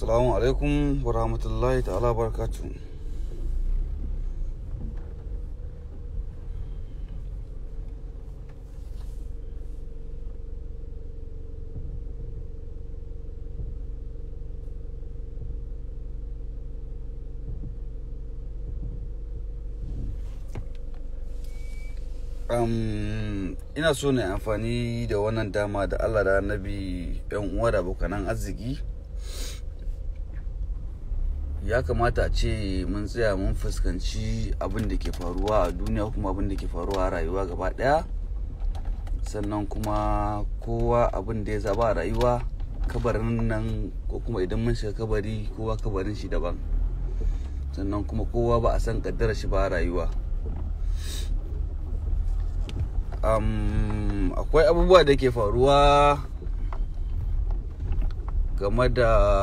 Assalamu alaikum wa rahmatullahi ta'ala barakatu. Um, ina so na amfani da wannan dama da Allah da Annabi 'yan uwa da abokanan arziki ya kamata a ce mun tsaya mun fuskanci abin da ke faruwa a duniya kuma abin da ke faruwa a rayuwa gaba daya sannan kuma kowa abin da ya zaba a rayuwa kabarin nan ko kuma idan mun shiga kabari kowa kabarin shi daban sannan kuma kowa ba a san kaddara shi ba a rayuwa akwai abubuwa da ke faruwa game da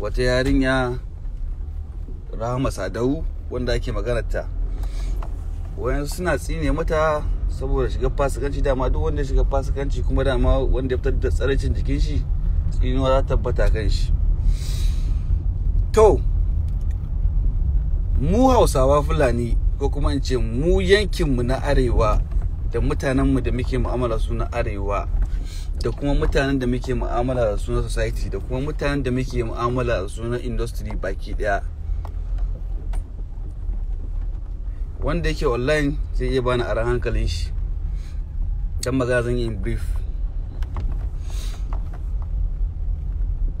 wata yarinya rahama sadau wanda ake maganarta wayansu suna tsine mata saboda shiga fasikanci dama duk wanda shiga fasikanci kuma dama wanda ya fitar da tsaraicin jikin shi tsinuwa za ta tabbata kan shi to mu hausawa fulani ko kuma in ce mu yankinmu na arewa da mutanenmu da muke mu'amala su na arewa da kuma mutanen da muke mu'amala da su na society da kuma mutanen da muke mu'amala da su na industry baki daya wanda yake online zai iya bani aran hankalin shi don magana zan yi brief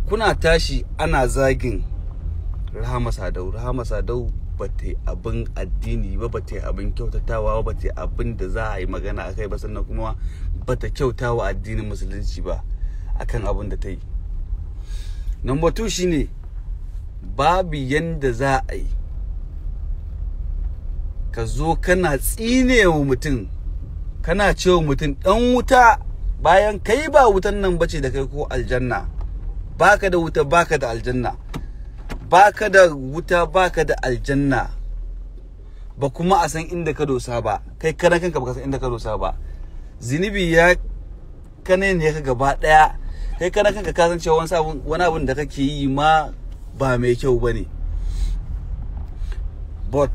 kuna tashi ana zagin rahama sadau rahama sadau ba ta yi abin addini ba ba ta yi abin kyautatawa ba ta yi abin da za a yi magana a kai ba sannan kuma ba ta kyauta wa addinin musulunci ba akan abin da ta yi number two ne babu yadda za a yi ka zo kana tsinewa mutum kana cewa mutum dan wuta bayan kai ba wutan nan bace da kai ko aljanna baka da wuta baka da aljanna baka da wuta baka da aljanna ba kuma a san inda ka dosa ba kai karan kanka baka san inda ka dosa ba zinubi ya kane ne ka gaba daya kai karan kanka ka san cewa wani abun wani da kake yi ma ba mai kyau bane but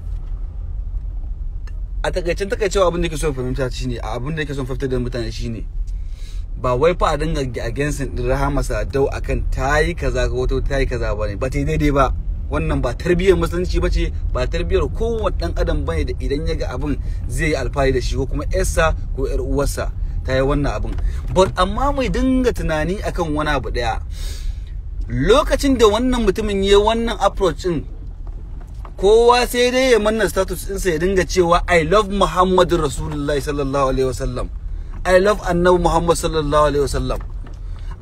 a takaicen takaicewa abin da yake so fahimta shine abin da yake so fahimta da mutane shine ba wai fa a dinga against din Rahama Sadau akan tayi kaza ko wato tayi kaza bane ba ta daidai ba wannan ba tarbiyyar musulunci bace ba tarbiyyar kowa dan adam bane da idan yaga abin zai yi alfahari da shi ko kuma yarsa ko yar uwarsa tayi yi wannan abin but amma mai dinga tunani akan wani abu daya lokacin da wannan mutumin ya wannan approach din kowa sai dai ya manna status ɗinsa ya dinga cewa I love Muhammadu Rasulullahi sallallahu alaihi wasallam I love annabi Muhammad sallallahu alaihi wasallam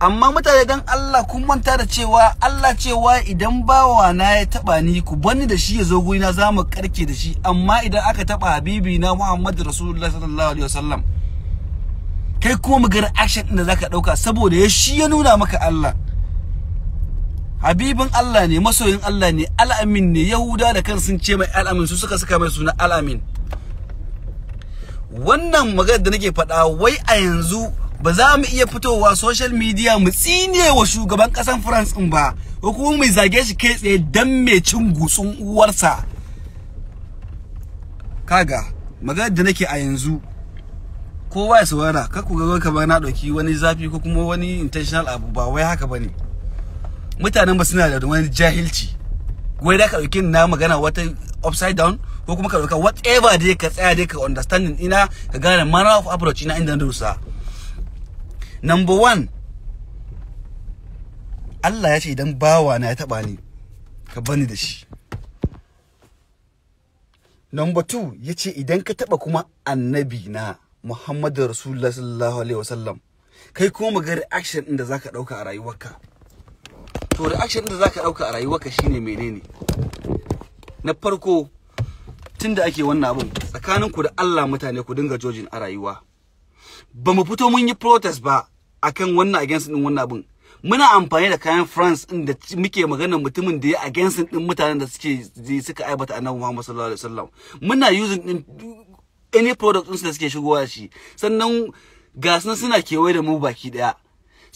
amma mutane dan Allah kun manta da cewa Allah cewa idan bawa na ya taba ni ku bani da shi ya zo guri na zamu karke da shi amma idan aka taba habibi na Muhammad rasulullahi sallallahu alaihi wasallam kai kuma mu ga reaction din da zaka dauka saboda ya shi ya nuna maka Allah habibin Allah ne masoyin Allah ne al'amin ne yahuda da kan sun ce mai al'amin su suka saka mai suna al'amin wannan magana da nake faɗa wai a yanzu ba za mu iya fitowa social media mu tsine wa shugaban ƙasar France in ba ko kuma mu zage shi kai tsaye dan mai cin gutsun uwarsa kaga magana da nake a yanzu kowa ya saurara kar ku ga kamar na ɗauki wani zafi ko kuma wani intentional abu ba wai haka bane mutanen ba suna da wani jahilci wai da ka ɗauki na magana wata upside down ko kuma ka ɗauka whatever dai ka tsaya dai ka understanding ina ka gane manner of approach ina inda na number one Allah ya ce idan bawa na ya taɓa ni ka bani da shi number two ya ce idan ka taɓa kuma annabi na Muhammadu Rasulullah sallallahu alaihi wasallam kai kuma ga reaction ɗin da zaka ɗauka a rayuwarka to reaction ɗin da zaka ɗauka a rayuwarka shine menene na farko tunda ake wannan abin tsakanin ku da Allah mutane ku dinga jojin a rayuwa ba mu fito mun yi protest ba akan wannan against din wannan abin. muna amfani da kayan France din da muke magana mutumin da ya against din mutanen da suke suka aibata annabi Muhammad sallallahu alaihi wasallam muna using din any product din da suke shigowa shi sannan ga suna kewaye da mu baki daya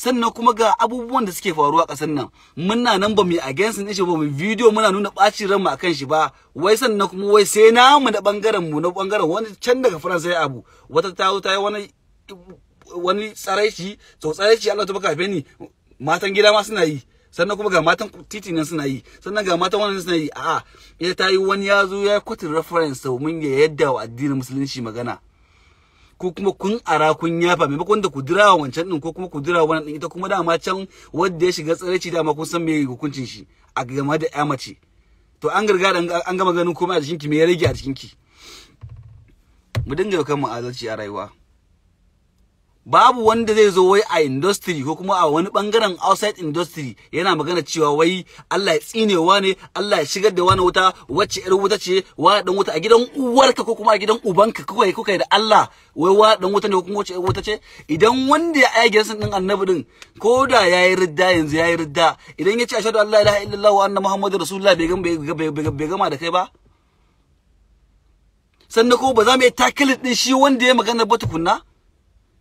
sannan kuma ga abubuwan da suke faruwa a ƙasar nan muna nan ba mu against ne shi ba mu video muna nuna bacin ranmu akan shi ba wai sannan kuma wai sai namu da bangaren mu na bangaren wani can daga France ya abu wata ta zo ta yi wani wani tsaraici to tsaraici Allah ta baka ni matan gida ma suna yi sannan kuma ga matan titi nan suna yi sannan ga matan wannan suna yi a'a ita eh, ta yi wani ya zo ya kwatin reference domin ya yadda wa addinin musulunci magana ko kuma kun ara kun yafa maimakon da ku dira wancan din ko kuma ku dira wannan din ita kuma dama can wanda ya shiga tsareci dama kun san me hukuncin shi a game da ya mace to an gargada an gama ganin komai a cikin ki me ya rage a cikin ki mu dinga kan mu adalci a rayuwa babu wanda zai zo wai a industry ko kuma a wani bangaren outside industry yana magana cewa wai Allah ya tsinewa ne Allah ya shigar da wani wuta wacce yar wuta ce wa dan wuta a gidan uwarka ko kuma a gidan ubanka kuka kuka da Allah wai wa dan wuta ne ko kuma wacce yar wuta ce idan wanda ya aya gidan din annabi din ko da yayi ridda yanzu yayi ridda idan ya ce ashhadu an la ilaha illallah wa anna muhammadur rasulullah bai bai gama da kai ba sannan ko ba za mu yi takalit din shi wanda ya magana ba tukunna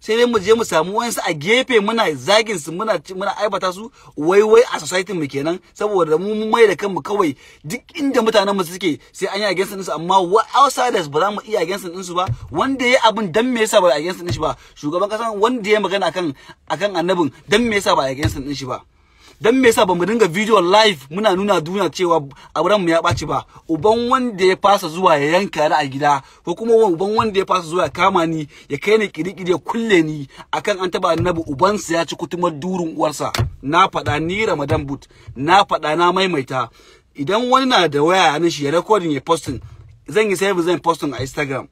sai dai mu je mu samu wayansu a gefe muna zagin su muna muna aibata su wai wai a society mu kenan saboda mu mai da kanmu kawai duk inda mutanen mu suke sai an yi against din su amma outsiders ba za mu iya against din su ba wanda yayi abin dan me yasa ba against din shi ba shugaban kasa wanda yayi magana akan akan annabin dan me yasa ba against din shi ba dan me yasa bamu dinga video live muna nuna duniya cewa auren mu ya ɓaci ba uban wanda ya fasa zuwa ya yanka ni a gida ko kuma uban wanda ya fasa zuwa ya kama ni ya kai ni kirikiri ya kulle ni akan an taba annabi sa ya ci kutumar durin uwarsa na faɗa ni Ramadan but na faɗa na maimaita idan wani na da waya a shi ya recording ya posting zan yi save zan posting a Instagram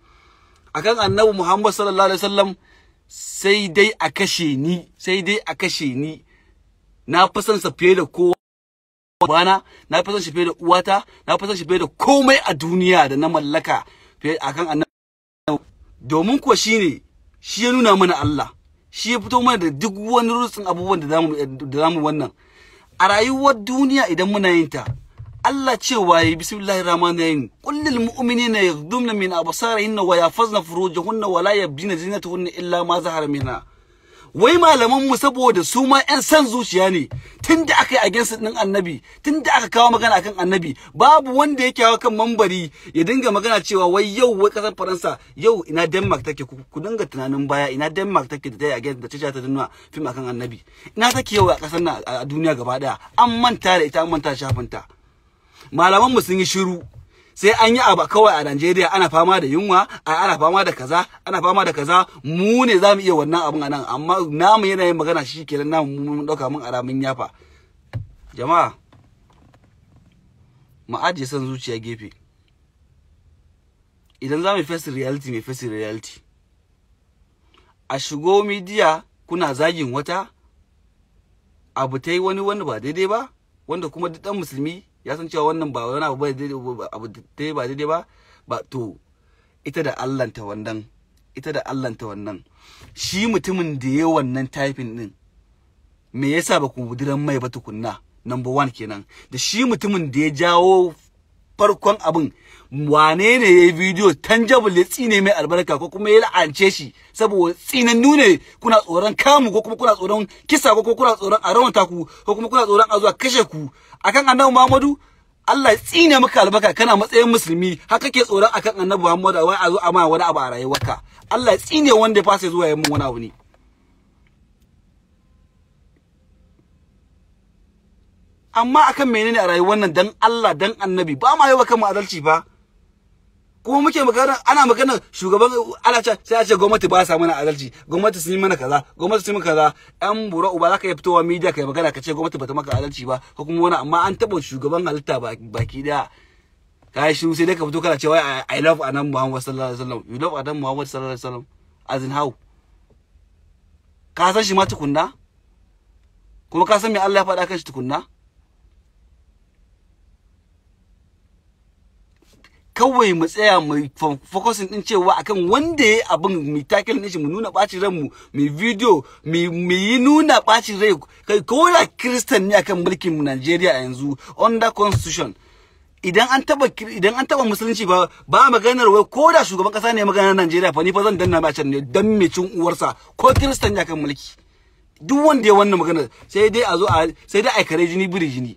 akan annabi Muhammad sallallahu alaihi wasallam sai dai a kashe ni sai dai a kashe ni na fi son sa fiye da kowa bana na fi son shi fiye da uwata na fi son shi fiye da komai a duniya da na mallaka fiye akan annabi domin kuwa shine shi ya nuna mana Allah shi ya fito mana da duk wani rutsin abubuwan da zamu da zamu wannan a rayuwar duniya idan muna yin ta Allah cewa yi bismillahir rahmanir rahim qul lil mu'minina yaghdumna min absarihinna wa yahfazna furujahunna wa la yabdina zinatahunna illa ma zahara minha wai malamanmu saboda su ma yan san zuciya ne tun da aka yi against din annabi tun da aka kawo magana akan annabi babu wanda yake haukan kan mambari ya dinga magana cewa wai yau wai kasar faransa yau ina denmark take ku dinga tunanin baya ina denmark take da a da ta ta nuna fim akan annabi ina take yau a kasar na a duniya gaba daya an manta da ita an manta shafinta malaman mu sun yi shiru sai an yi abu kawai a Najeriya ana fama da yunwa ana fama da kaza ana fama da kaza mu ne za mu iya wannan abun anan amma namu yana yin magana shi kenan namu mun dauka mun mun yafa jama'a mu ajiye san zuciya gefe idan za mu face reality mai face reality a shigo media kuna zagin wata abu ta yi wani wanda ba daidai ba wanda kuma duk dan musulmi ya san cewa wannan ba wani abu abu ba daidai ba ba to ita da allanta wannan ita da allanta wannan shi mutumin da ya wannan typing din me yasa ba ku buduran mai ba tukunna number one kenan da shi mutumin da ya jawo farkon abin wane ne ya yi bidiyo tangible ya tsine mai albarka ko kuma ya la'ance shi saboda tsinan nune kuna tsoron kamu ko kuma kuna tsoron kisa ko kuma kuna tsoron a rawanta ku ko kuma kuna tsoron a zuwa kashe ku akan annabi Muhammadu Allah ya tsine maka albarka kana matsayin musulmi haka kake tsoron akan annabi Muhammadu wai a zo a ma wani abu a rayuwarka Allah ya tsine wanda ya fasa zuwa yayin wani abu ne amma akan menene a rayuwar nan dan Allah dan annabi ba ma yawa kan adalci ba kuma muke magana ana magana shugaban alacha sai a ce gwamnati ba sa mana adalci gwamnati sun yi mana kaza gwamnati sun yi mana kaza yan bura uba zaka yi fitowa media kai magana ka ce gwamnati bata maka adalci ba ko kuma wani amma an taba shugaban halitta baki daya kai shi sai dai ka fito kana cewa i love anan muhammad sallallahu alaihi wasallam you love anan muhammad sallallahu alaihi wasallam as in how ka san shi ma tukunna kuma ka san me Allah ya faɗa kan shi tukunna kawai mu tsaya mu focusing din cewa akan wanda yayi abin mu tackle din shi mu nuna bacin ran mu mu video mu yi nuna bacin rai kai ko da Christian ne akan mulkin mu Najeriya yanzu under constitution idan an taba idan an taba musulunci ba ba maganar wai ko da shugaban kasa ne maganar nigeria fa ni fa zan danna ma can ne dan me cin uwarsa ko Christian ne akan mulki duk wanda ya wannan maganar sai dai a zo a sai dai a kare jini biri jini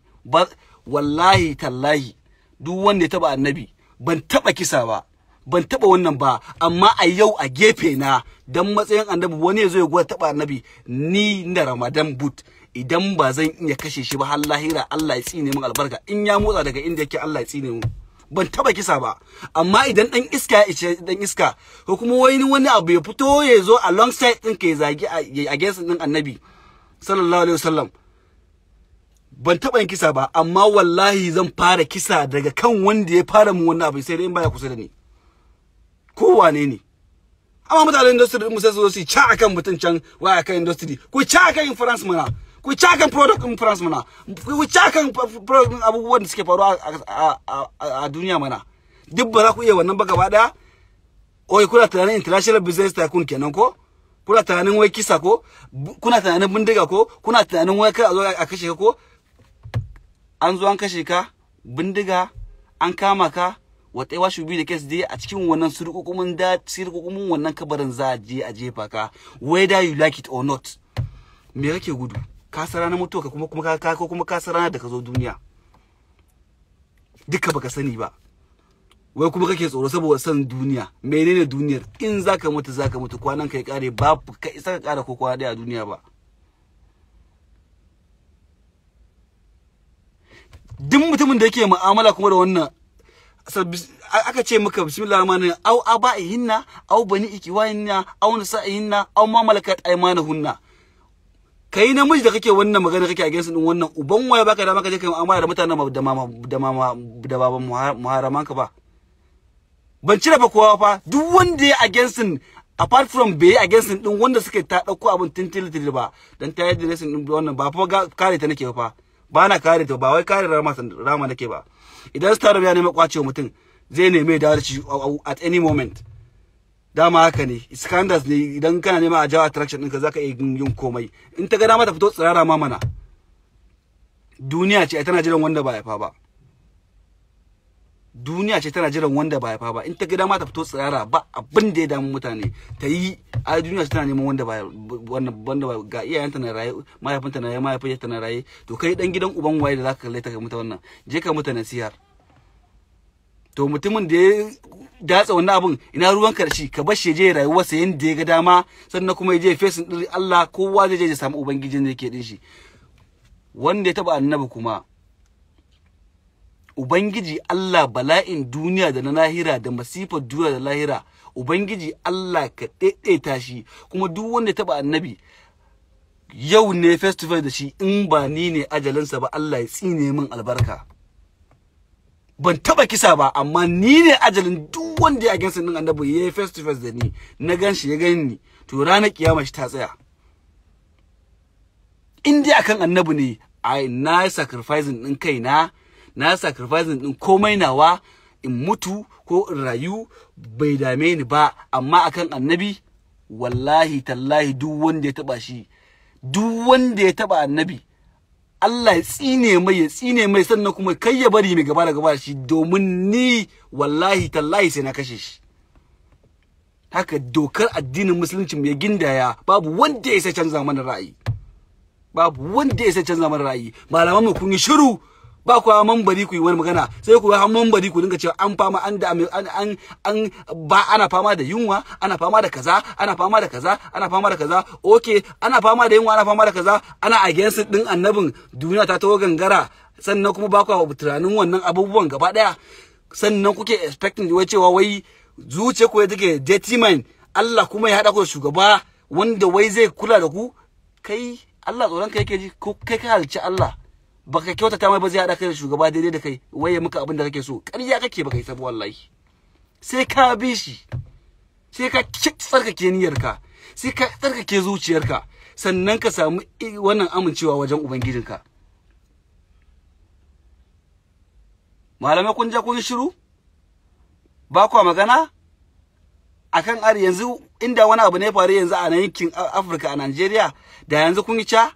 wallahi tallahi duk wanda ya taba annabi ban taba kisa ba ban taɓa wannan ba amma a yau a gefe na dan matsayin annabi wani ya zo ya gwada taɓa annabi ni na ramadan but idan ba zan iya kashe shi ba har lahira Allah ya tsine min albarka in ya motsa daga inda yake Allah ya tsine min ban taba kisa ba amma idan dan iska ya ice dan iska ko kuma wani wani abu ya fito ya zo alongside din ka ya zagi against din annabi sallallahu alaihi wasallam ban taɓa yin kisa ba amma wallahi zan fara kisa daga kan wanda ya fara mun wannan abu sai dai in baya kusa da ni ko wane ne amma mutanen industry mu sai su zo su ci akan mutun can waya kan industry ku ci akan kan France mana ku ci akan product in France mana ku ci akan product abubuwan da suke faruwa a duniya mana duk ba za ku iya wannan ba gaba daya oi kuna tunanin international business tycoon kenan ko kuna tunanin wai kisa ko kuna tunanin bindiga ko kuna tunanin wai kai a zo a kashe ko an zo an kashe ka bindiga an kama ka whatever should biyu da kes dai a cikin wannan surkukumin da surkukumin wannan kabarin za a je a jefa ka whether you like it or not me kake gudu ka sara na mutuwa kuma kuma ka ko kuma ka sara da ka zo duniya duka baka sani ba wai kuma kake tsoro saboda san duniya menene duniyar in zaka mutu zaka mutu kwanan kai kare babu ka isa ka kara ko kwana a duniya ba duk mutumin da yake mu'amala kuma da wannan aka ce maka bismillah rahman au aba'ihinna au bani ikiwahinna au nasa'ihinna au ma malakat aymanuhunna kai namiji da kake wannan magana kake against din wannan uban waya baka da maka je kai mu'amala da mutanen da mama da mama da baban muharraman ka ba ban cire ba kowa fa duk wanda ya against apart from bai against din wanda suka ta dauko abin tintil ba dan ta yi dressing din wannan ba fa kare ta nake fa ba na kare ta ba wai kare rama rama nake ba idan star ya nemi kwacewa mutum zai nemi da shi at any moment dama haka ne scandals ne idan kana nema a jawo attraction ɗinka zaka iya yin komai in ta ga dama ta fito tsirara ma mana duniya ce tana jiran wanda ba ya fa ba duniya ce tana jiran wanda ba fa ba in ta gida ma ta fito tsirara ba abin da ya damu mutane ta yi a duniya ce tana neman wanda ba wanda wanda ba ga iyayenta na raye mahaifinta na raye mahaifinta na raye to kai dan gidan uban waye da zaka kalle ta ga mata wannan je ka mata nasiha to mutumin da ya datsa wannan abun ina ruwan karshe ka bar shi je rayuwarsa yanda ya ga dama sannan kuma ya je fesin din Allah kowa zai je ya samu ubangijin da yake din shi wanda ya taba annabi kuma ubangiji Allah bala'in duniya da na lahira da masifar duniya da lahira ubangiji Allah ka daidaita shi kuma duk wanda ya taba annabi yau ne festival da shi in ba ni ne ajalinsa ba Allah ya tsine min albarka ban taɓa kisa ba amma ni ne ajalin duk wanda ya gansa din annabi yi festival da ni na gan shi ya gani ni to ranar kiyama shi ta tsaya in dai akan annabi ne ai na sacrificing din kaina na sacrificing din komai nawa in mutu ko in rayu bai dame ni ba amma akan annabi wallahi tallahi duk wanda ya taba shi duk wanda ya taba annabi Allah ya tsine mai ya tsine mai sannan kuma kai ya bari mai gaba da gaba shi domin ni wallahi tallahi sai na kashe shi haka dokar addinin musulunci mai gindaya babu wanda ya sai canza mana ra'ayi babu wanda ya sai canza mana ra'ayi malaman mu kun yi shiru ba ku hawa mambari ku yi wani magana sai ku hawa mambari ku dinga cewa an fama an da an an ba ana fama da yunwa ana fama da kaza ana fama da kaza ana fama da kaza okay ana fama da yunwa ana fama da kaza ana against din annabin duniya ta tawo gangara sannan kuma ba ku hawa tunanin wannan abubuwan gaba daya sannan kuke expecting wai cewa wai zuciya ku take detriment Allah kuma ya hada ku da shugaba wanda wai zai kula da ku kai Allah tsoron kai yake ji kai ka halci Allah baka kyautata mai ba zai haɗa kai da shugaba daidai da kai waye muka abin da kake so ƙarya kake baka yi sabu wallahi sai ka bi shi sai ka tsarkake niyyarka sai ka tsarkake zuciyarka sannan ka samu wannan amincewa wajen ubangijinka malamai kun ja kun shiru ba kwa magana akan ari yanzu inda wani abu ne faru yanzu a yankin Afirka a Najeriya da yanzu kun yi ca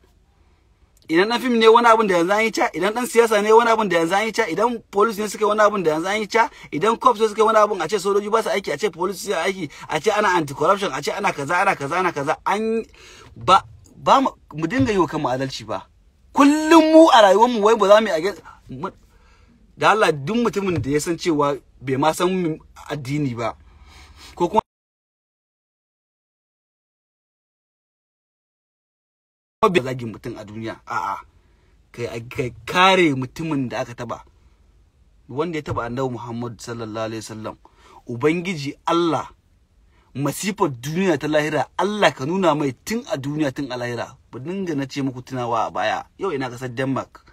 idan dan fim ne wani abun da yanzu an yi ca idan dan siyasa ne wani abun da yanzu an yi ca idan police ne suke wani abun da yanzu an yi ca idan cops ne suke wani abun a ce sojoji ba su aiki a ce police su aiki a ce ana anti corruption a ce ana kaza ana kaza ana kaza an ba ba mu dinga yi wa kanmu adalci ba kullum mu a rayuwar mu wai ba za mu yi da Allah duk mutumin da ya san cewa bai ma san addini ba bai zagin mutum a duniya a'a kai kare mutumin da aka taba wanda ya taba annabi Muhammad sallallahu alaihi wasallam ubangiji Allah masifar duniya ta lahira Allah ka nuna mai tun a duniya tun a lahira ba dinga na ce muku tunawa a baya yau ina kasar Denmark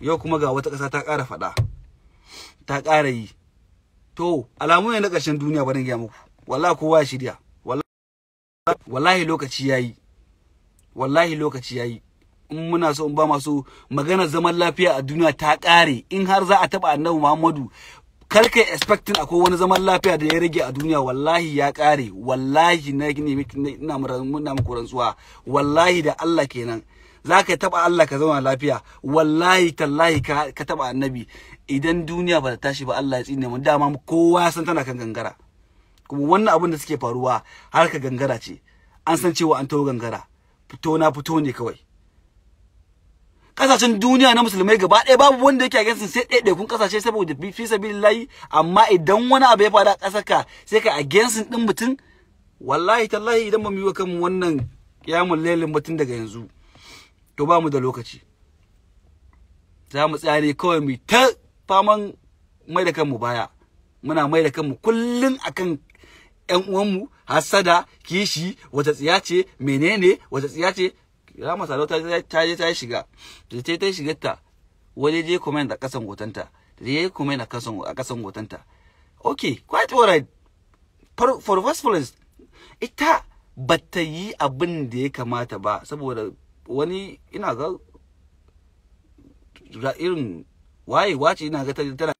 yau kuma ga wata ƙasa ta ƙara faɗa ta ƙara yi to alamu ne na ƙarshen duniya ba dinga muku wallahi kowa ya shirya wallahi lokaci yayi wallahi lokaci yayi in muna so in ba masu magana zaman lafiya a duniya ta ƙare in har za a taɓa annabi muhammadu kar kai expecting akwai wani zaman lafiya da ya rage a duniya wallahi ya ƙare wallahi na gini ina muna muku rantsuwa wallahi da Allah kenan za ka taɓa Allah ka zauna lafiya wallahi tallahi ka taɓa annabi idan duniya ba ta tashi ba Allah ya tsine mu dama kowa san tana kan gangara kuma wannan abin da suke faruwa har ka gangara ce an san cewa an taho gangara fito na fito ne kawai kasashen duniya na musulmai gaba ɗaya babu wanda yake against sai kun kasashe saboda fi sabilillahi amma idan wani abu ya faru a ƙasar ka sai ka against din mutum wallahi tallahi idan ba mu yi wa kanmu wannan kiyamun lailin mutum daga yanzu to ba mu da lokaci za mu tsaya ne kawai mu ta faman mai da kanmu baya muna mai da kanmu kullum akan ƴan uwanmu hassada kishi wata tsiya ce menene wata tsiya ce ya salo ta ta ta shiga Ta ta ta shiga ta wani je comment a kasan hotonta da je comment a kasan a kasan hotonta okay quite alright for, for first ita bata yi abin da ya kamata ba saboda wani ina ga irin waye wace ina ga tana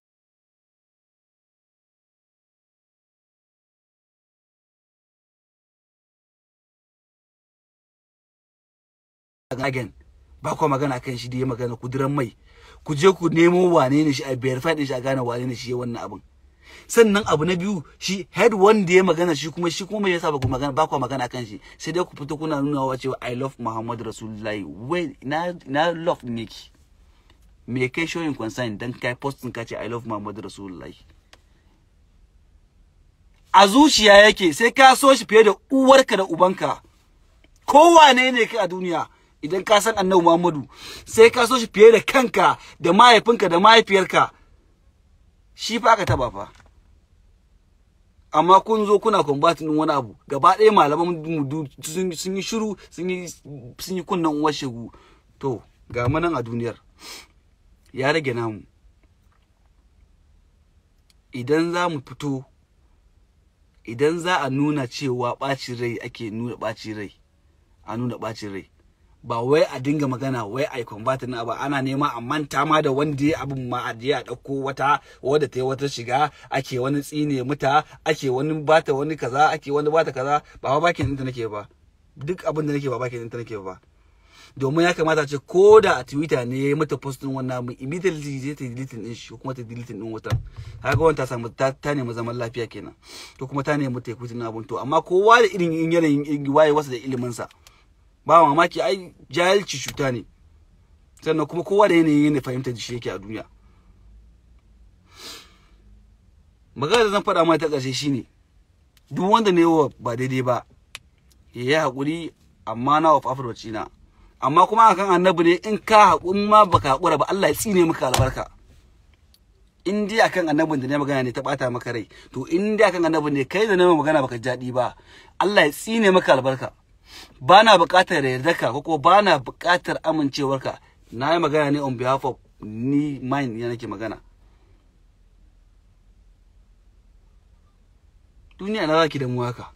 again ba kwa magana kan shi da ya magana kudiran mai ku je ku nemo wane ne shi a verify din shi a gane wane ne shi wannan abin sannan abu na biyu shi head wanda ya magana shi kuma shi kuma mai yasa ba ku magana ba kwa magana kan shi sai dai ku fito kuna nuna wa cewa I love Muhammad Rasulullahi wai na na love ki me kai showing concern dan kai din ka ce I love Muhammad Rasulullahi a zuciya yake sai ka so shi fiye da uwarka da ubanka kowane ne ka a duniya idan ka san annabi Muhammadu sai ka so shi fiye da kanka da mahaifinka da mahaifiyarka shi fa aka taba fa amma kun zo kuna combating wani abu gaba ɗaya malaman sun yi shiru sun yi kunnan uwar shegu to ga manan a duniyar ya rage namu idan za mu fito idan za a nuna cewa ɓacin rai ake nuna ɓacin rai a nuna ɓacin rai ba wai a dinga magana wai a convert na ba ana nema a manta ma da wanda ya abin ma a je a dauko wata wadda ta yi wata shiga ake wani tsine muta ake wani bata wani kaza ake wani bata kaza ba ba bakin ɗinta nake ba duk abin da nake ba bakin ɗinta nake ba domin ya kamata ce ko da a twitter ne ya mata post din wannan abin immediately zai ta delete din shi kuma ta delete din wata haka wannan ta samu ta, ta nemi zaman lafiya kenan to kuma ta nemi ta yi abun to amma kowa da irin yanayin waye wasa da ilimin sa ba mamaki ai jahilci cuta ne sannan kuma kowa da yanayin ne fahimtar da shi yake a duniya magana da zan faɗa mai ta ƙarshe shine duk wanda ne wa ba daidai ba ya yi haƙuri amma na wa fafar na amma kuma akan annabi ne in ka haƙuri ma baka haƙura ba Allah ya tsine maka albarka in dai akan annabin da ne magana ne ta bata maka rai to in dai akan annabin ne kai da ne magana baka jadi ba Allah ya tsine maka albarka ba na buƙatar yardarka ko kuma ba na buƙatar amincewarka na yi magana ne on behalf of ni mind ya nake magana duniya na zaki da mu haka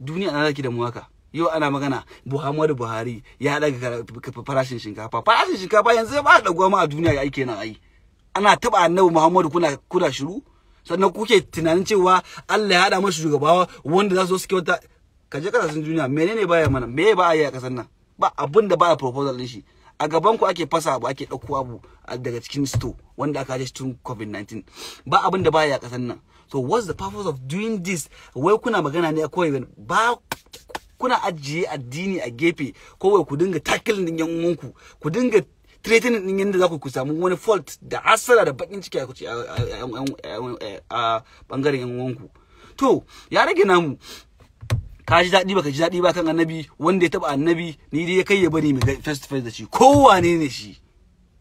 duniya na zaki da mu haka yau ana magana Muhammadu Buhari ya daga farashin shinkafa farashin shinkafa yanzu ba da goma a duniya ya aike na ai ana taba annabi Muhammadu kuna kuna shiru sannan kuke tunanin cewa Allah ya hada masa shugabawa wanda za su wata. ka je kasashen duniya menene baya mana me ba a yi a kasar nan ba abin da baya proposal din shi a gaban ku ake fasa abu ake ɗauko abu daga cikin store wanda aka shi tun covid-19 ba abin da baya a kasar nan so what's the purpose of doing this wai kuna magana ne kawai ba kuna ajiye addini a gefe kowai ku dinga tackling din yan uwanku ku dinga threatening din yanda za ku samu wani fault da asara da bakin ciki a bangaren yan uwanku to ya rage namu ka ji daɗi baka ji daɗi ba kan annabi wanda ya taɓa annabi ni dai ya kai ya bari mu face to face da shi wane ne shi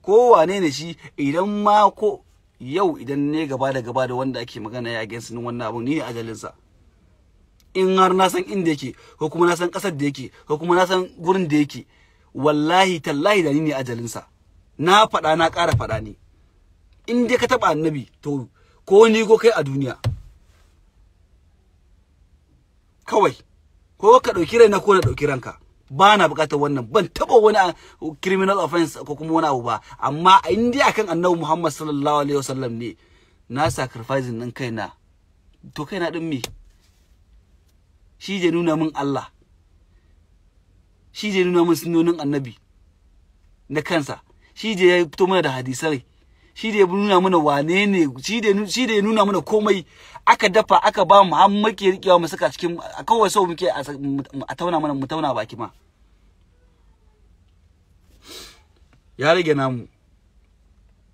wane ne shi idan ma ko yau idan ne gaba da gaba da wanda ake magana ya against din wannan abun ni ne ajalinsa in har na san inda yake ko kuma na san ƙasar da yake ko kuma na san gurin da yake wallahi tallahi da ni ne ajalinsa na faɗa na ƙara faɗa ne in dai ka taɓa annabi to ko ni ko kai a duniya kawai ko ka ɗauki raina ko na ɗauki ranka ba na buƙatar wannan ban taɓa wani ah, criminal offense ko kuma wani abu ba amma in dai akan annabi Muhammad sallallahu alaihi wasallam ne na sacrifice din kaina to kaina din me shi je nuna min Allah shi je nuna min sunnonin annabi na kansa shi je ya fito mana da hadisai shi da ya nuna mana wane ne shi da ya nuna mana komai aka dafa aka ba mu har muke rikewa mu saka cikin kawai so muke a tauna mana mu tauna baki ma ya rage namu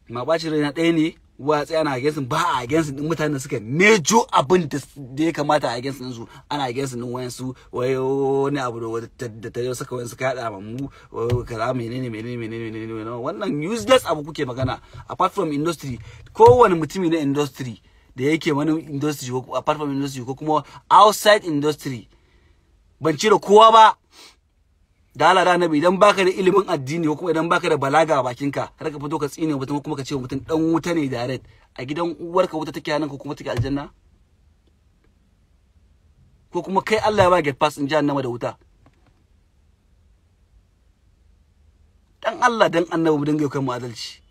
ma bacin rai na ɗaya ne wa tsaya ana against ba a against din mutanen suka mejo abin da ya kamata a against su ana against din wayan su wai ne abu da da ta saka wayan su ka yada mu kaza menene menene menene menene wannan useless abu kuke magana apart from industry kowane mutumi na industry da yake wani industry ko apart from industry ko kuma outside industry ban cire kowa ba da Allah da annabi idan baka da ilimin addini ko kuma idan baka da balaga a bakinka har ka fito ka tsine mutum ko kuma ka ce mutum dan wuta ne direct a gidan uwarka wuta take hannunka ko kuma take aljanna ko kuma kai Allah ya ba get pass in jahannama da wuta dan Allah dan annabi mu dinga kai mu adalci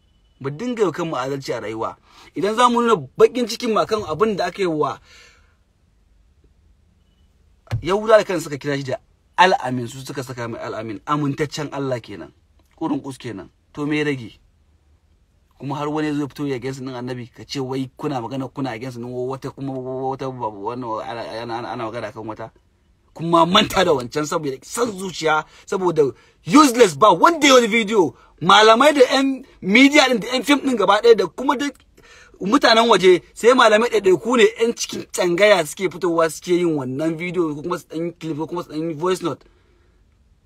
mu dinga yau kanmu adalci a rayuwa idan zamu nuna bakin cikin ma kan abin da aka yi wa yahuda da kansu suka kira shi da al'amin su suka saka mai al'amin amintaccen Allah kenan kurin kus kenan to me rage kuma har wani zai fito ya gaisa nan annabi ka ce wai kuna magana kuna gaisa nan wata kuma wata wannan ana magana kan wata kuma manta da wancan saboda san zuciya saboda useless ba wanda ya wani video malamai da yan media din da yan film din gaba ɗaya da kuma duk mutanen waje sai malamai ɗaiɗaiku ne yan cikin cangaya suke fitowa suke yin wannan video ko kuma su ɗan clip ko kuma su ɗan voice note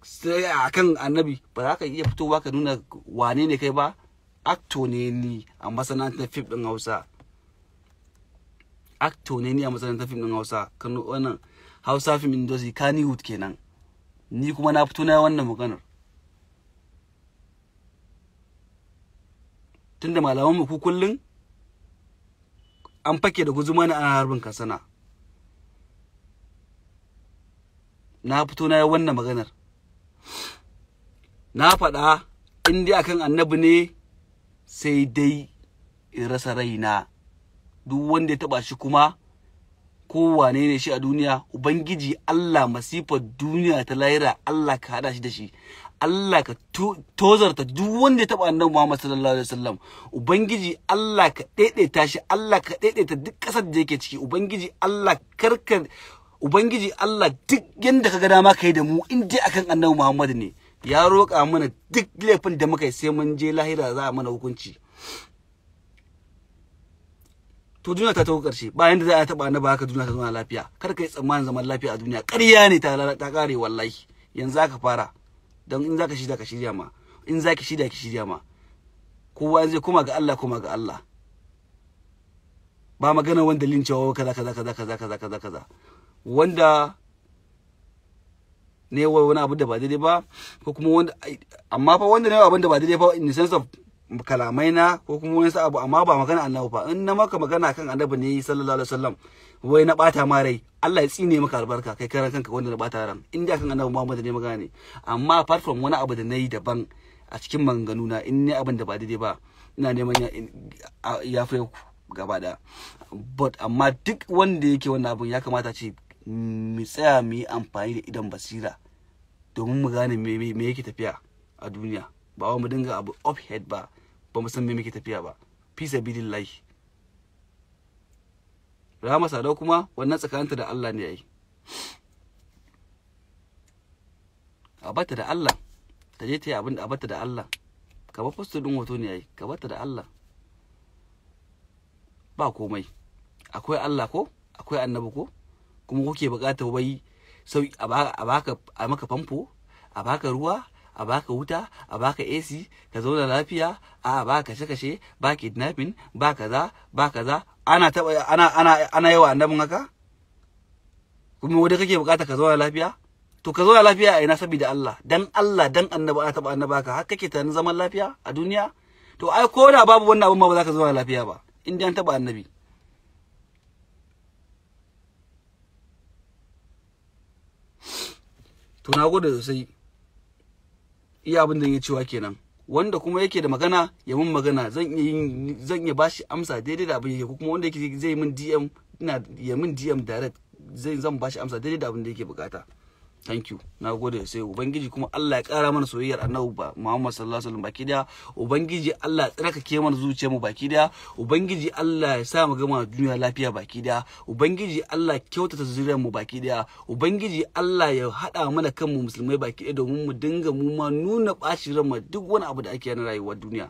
sai a kan annabi ba za ka iya fitowa ka nuna wane ne kai ba acto ne ni a masana'antar film ɗin hausa acto ne ni a masana'antar fim ɗin hausa kan wannan hausa film industry hut kenan ni kuma na fito na wannan maganar tunda malamanmu ku kullum an fake da guzuma na ana harbin kasana na fito na wannan maganar na faɗa in akan annabi ne sai dai in rasa raina duk wanda ya taɓa shi kuma ko wane ne shi a duniya ubangiji Allah masifar duniya ta lahira Allah ka hada shi da shi Allah ka tozarta duk wanda ya taba annabi Muhammad sallallahu alaihi wasallam ubangiji Allah ka daidaita shi Allah ka daidaita duk kasar da yake ciki ubangiji Allah karkar ubangiji Allah duk yanda kaga dama kai da mu in dai akan annabi Muhammad ne ya roƙa mana duk laifin da muka yi sai mun je lahira za a mana hukunci to duniya ta taho karshe ba yanda za a taba na ba haka duniya ta zauna lafiya kar kai tsammanin zaman lafiya a duniya ƙarya ne ta ta kare wallahi yanzu ka fara don in zaka shirya ka shirya ma in zaki shirya ki shirya ma kowa zai kuma ga Allah kuma ga Allah ba magana wanda lincewa kaza kaza kaza kaza kaza kaza kaza wanda ne wani abu da ba daidai ba ko kuma wanda amma fa wanda ne abin da ba daidai ba in the sense of kalamai na ko kuma wani abu amma ba magana annabi ba in na maka magana kan annabi ne sallallahu alaihi wasallam wai na bata ma rai Allah ya tsine maka albarka kai karan kanka wanda na bata ran inda kan annabi Muhammad ne magana ne amma apart from wani abu da nayi daban a cikin manganu na in ne abin da ba daidai ba ina neman ya ya fure gaba da but amma duk wanda yake wannan abun ya kamata ce mu tsaya mu yi amfani da idan basira domin mu gane me yake tafiya a duniya ba wa mu dinga abu up head ba ba mu san me muke tafiya ba fi sabilillahi rahama sadau kuma wannan tsakaninta da Allah ne yayi a bata da Allah ta je ta yi abin da a bata da Allah ka ba fasto din hoto ne yayi ka bata da Allah ba komai akwai Allah ko akwai annabi ko kuma kuke bukatar wai sau a baka a maka famfo a baka ruwa a baka wuta a baka AC ka zauna lafiya a ba kashe kashe ba kidnapping ba kaza ba kaza ana taba ana ana ana yawa annabin haka kuma wanda kake bukata ka zauna lafiya to ka zauna lafiya a ina saboda Allah dan Allah dan annabi a taba annaba ka haka kake tunanin zaman lafiya a duniya to ai ko da babu wannan abun ma ba za ka zauna lafiya ba in dai an taba annabi to na gode sosai iya abin da ya cewa kenan wanda kuma yake da magana ya mun magana zan iya zan bashi amsa daidai da abin yake ko kuma wanda yake zai min DM ina ya min DM direct zan bashi amsa daidai da abin da yake bukata thank you na gode sai ubangiji kuma Allah ya kara mana soyayyar annabi ba Muhammad sallallahu alaihi wasallam baki daya ubangiji Allah ya tsarkake mana zuciyar mu baki daya ubangiji Allah ya sa mu gama duniya lafiya baki daya ubangiji Allah kyautata zuriyar mu baki daya ubangiji Allah ya hada mana kanmu musulmai baki daya domin mu dinga mu ma nuna bacin ran duk wani abu da ake na rayuwar duniya